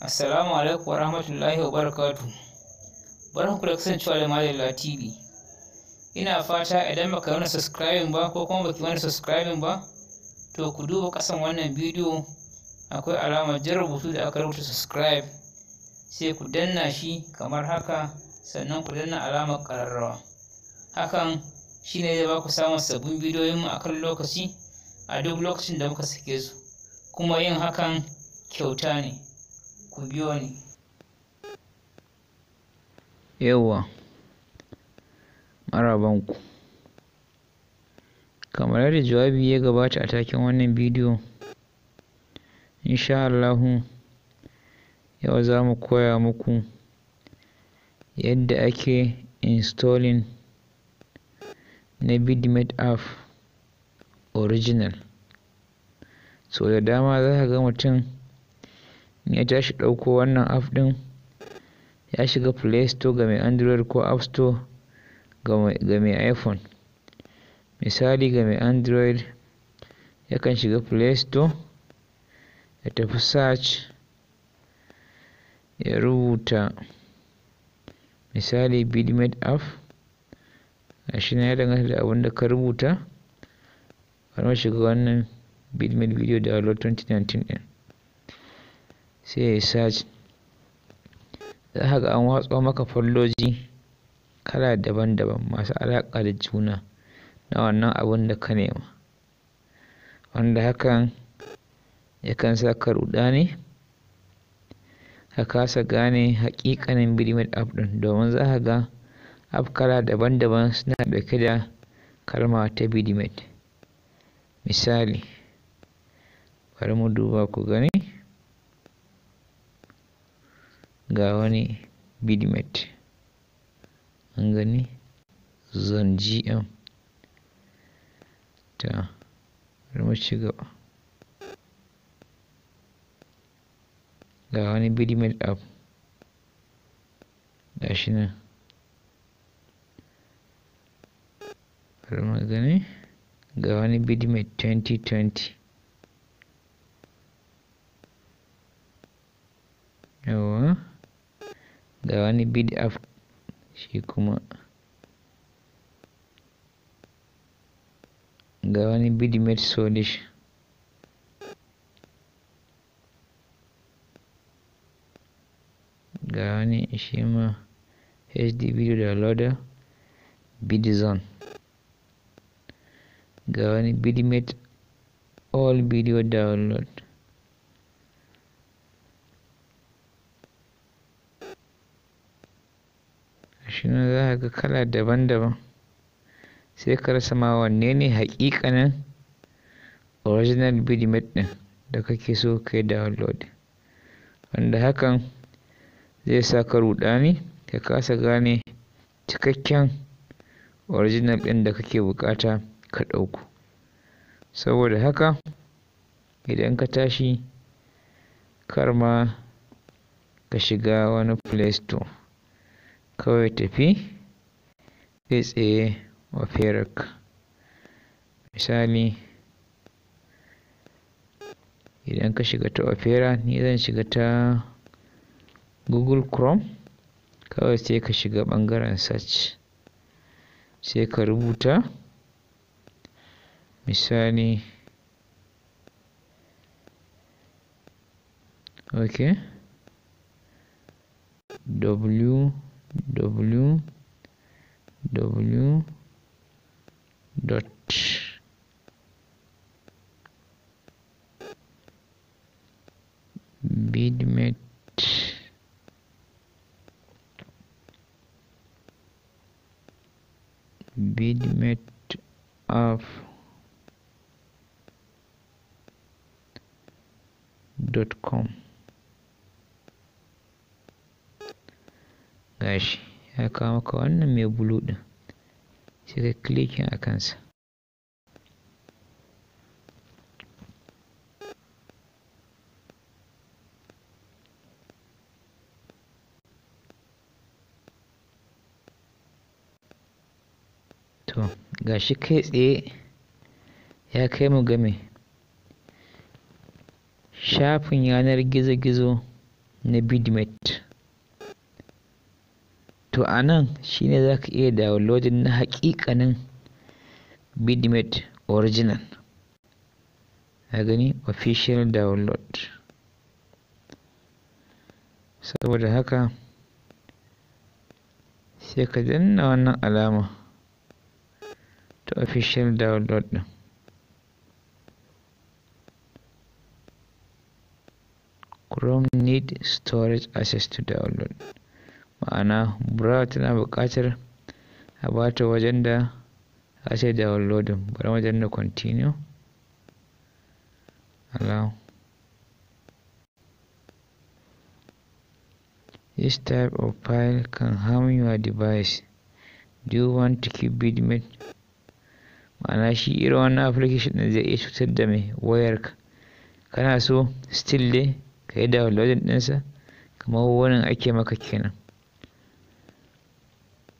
Assalamu alaikum wa rahmatullahi wa barakatu. Barkanku da kasancewa da Malala TV. Ina fata idan baka wani subscribing ba ko kuma baki wani subscribing ba, to ku duba kasan wannan bidiyo akwai alama jan rubutu da aka rubuta subscribe sai ku danna shi kamar haka sannan ku danna alamar ƙararrawa. Hakan shine zai ba ku samun sabbin bidiyoyin mu akan lokaci a duk lokacin da muka sake su. Kuma yin hakan kyauta ne. ku biyo marabanku kamar yadda jawabi ya gabata a taken wannan bidiyo insha yau za mu koya muku yadda ake installing na bitmate app original so da dama za ka ga mutum ya ya tashi ɗauko wannan app ɗin ya shiga play store ga mai android ko app store ga mai iphone misali ga mai android yakan shiga play store ya tafi search ya rubuta misali bitmap app shi na ya danganta da abin da ka rubuta bari shiga wannan bitmap video download 2019 ɗin sai ya yi search za ka ga an watsa maka falloji kala daban-daban masu alaƙa da juna na wannan abun da ka nema wanda hakan yakan sa ka ruɗa ka kasa gane hakikanin bidimet app ɗin domin za ka ga app kala daban-daban suna ɗauke da kalma ta bidimet misali bari mu duba ku gani ga wani bidimet an gani zone gm ta ci gaba ga wani bidimet app ga shi nan bari gani ga wani bidimet 2020 da wani bid app shi kuma ga wani met solish ga wani shi ma hd video da loader bidzone ga wani met all video download shi ne za ga kala daban-daban sai ka rasa ma wanne ne haƙiƙanin original bidimit ɗin da kake so kai download wanda hakan zai sa ka rudani ka kasa gane cikakken original ɗin da kake bukata ka ɗauku saboda haka idan ka tashi kar ma ka shiga wani play kawai tafi kai tsaye operak misali idan ka shiga ta opera ni zan shiga ta google chrome kawai sai ka shiga ɓangaren search sai ka rubuta misali ok w w w dot bidmate bidmate of dot com gashi ya kawo maka wannan mai bulu ɗin sai ka klikin a kansa to gashi kai tsaye ya kai mu game shafin yanar gizo-gizo na bidmate to a nan ne za ka iya downloading na hakikanin bitmate original a gani official download saboda haka sai ka danna wannan alama ta official download din chrome need storage access to download ma'ana browser tana buƙatar a bata wajen da a ce downloading bari wajen da continue allow this type of file can harm your device do you want to keep bitmap ma'ana shi irin wani application ɗin zai iya cutar da mai wayarka kana so still dai ka yi downloading ɗinsa kamar wani ake maka kenan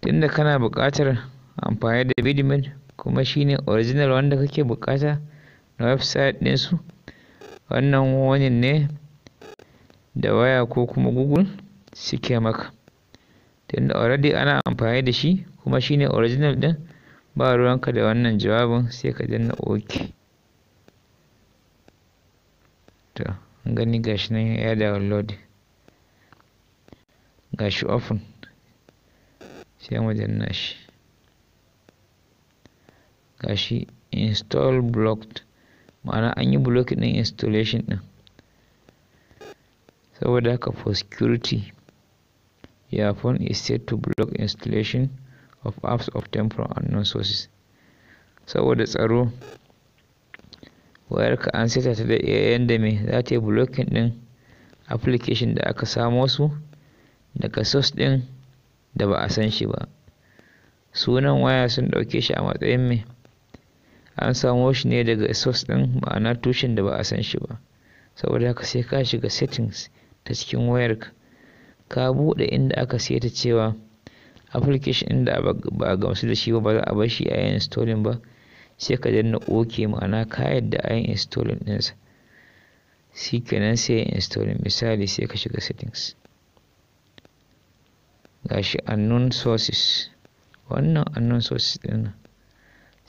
tunda kana buƙatar amfani da bidimin kuma shine original wanda kake buƙata na website ɗinsu wannan wani ne da waya ko kuma Google suke maka tunda already ana amfani da shi kuma shine original ɗin ba ruwanka da wannan jawabin sai ka danna OK gani gashi nan ya download gashi open sai wajen nashi gashi install blocked ma'ana an yi block din installation din saboda haka for security your phone is set to block installation of apps obtained from unknown sources saboda tsaro wayarka an seta ta da yadda mai za ta yi blocking din application da aka samo su daga source din da ba a san shi ba sunan waya sun ɗauke shi a matsayin mai an samo shi ne daga source ɗin ma'ana tushen da ba a san shi ba saboda haka sai ka shiga settings ta cikin wayar ka buɗe inda aka seta cewa application inda ba a gamsu da shi ba ba za a bar shi a yin installing ba sai ka danna ok ma'ana ka yadda a yin installing ɗinsa shi kenan sai installing misali sai ka shiga settings gashi unknown sources wannan unknown sources din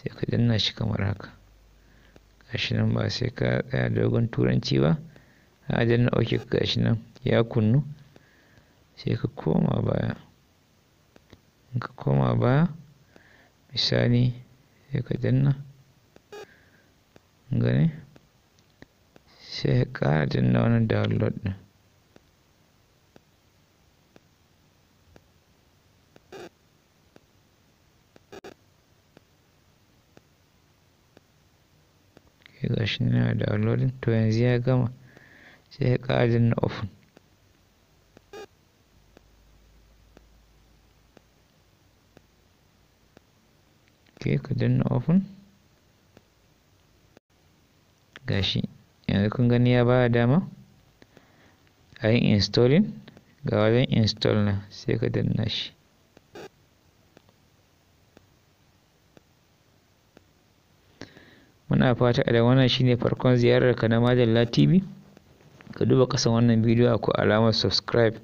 sai ka danna shi kamar haka gashi nan ba sai ka tsaya dogon turanci ba a danna ok gashi nan ya kunnu sai ka koma baya in ka koma baya misali sai ka danna gane sai ka ƙara danna wannan download din gashi ga shi na downloading to yanzu ya gama sai ya ƙara na open ok ku danna open gashi yanzu kun gani ya bada dama a yin installing ga wajen install na sai ka danna shi Muna fata idan wannan shine farkon ziyararka na majalla TV, ka duba ƙasan wannan bidiyo akwai alamar subscribe,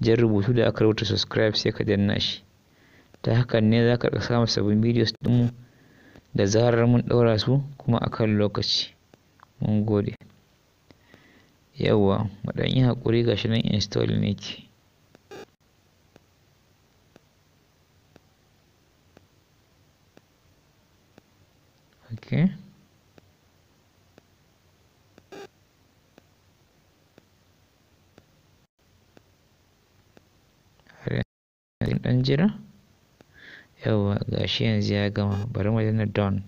jan rubutu da aka rubuta subscribe sai ka danna shi. Ta hakan ne za ka samun sabbin bidiyos ɗinmu da zarar mun ɗaura su kuma a kan lokaci. Mun gode. Yawwa, mu yi haƙuri ga shi nan ne yake. ɗan jira yawwa gashi yanzu ya gama bari mu danna don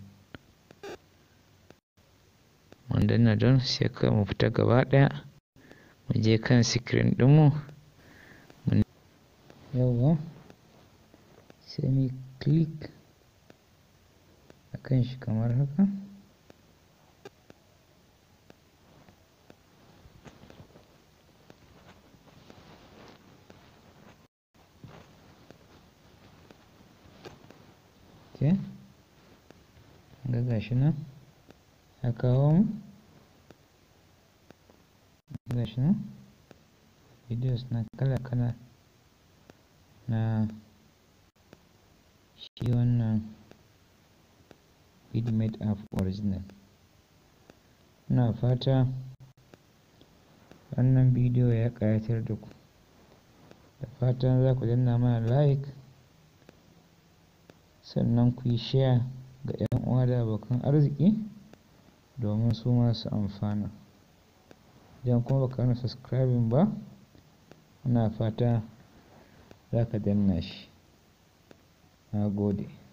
mun danna don sai kawai mu fita gaba ɗaya mu je kan screen ɗinmu yawwa sai mu click akan shi kamar haka gashi nan a kawo mu gashi nan videos na kala-kala na shi wannan readmade app original ina fata wannan bidiyo ya ƙayatar da ku da fatan za ku danna mana like sannan ku yi share abokan arziki domin su masu amfana idan kuma baka na subscribing ba na fata za ka danna shi na gode